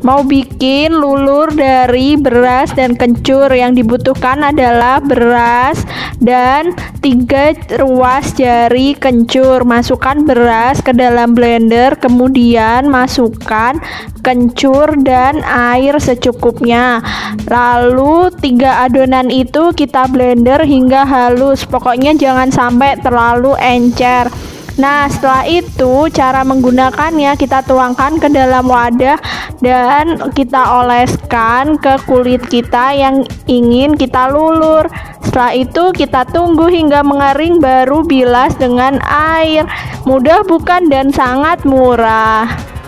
Mau bikin lulur dari beras dan kencur yang dibutuhkan adalah beras dan tiga ruas jari kencur. Masukkan beras ke dalam blender, kemudian masukkan kencur dan air secukupnya. Lalu tiga adonan itu kita blender hingga halus. Pokoknya jangan sampai terlalu encer. Nah, setelah itu cara menggunakannya kita tuangkan ke dalam wadah dan kita oleskan ke kulit kita yang ingin kita lulur. Setelah itu kita tunggu hingga mengering baru bilas dengan air. Mudah bukan dan sangat murah.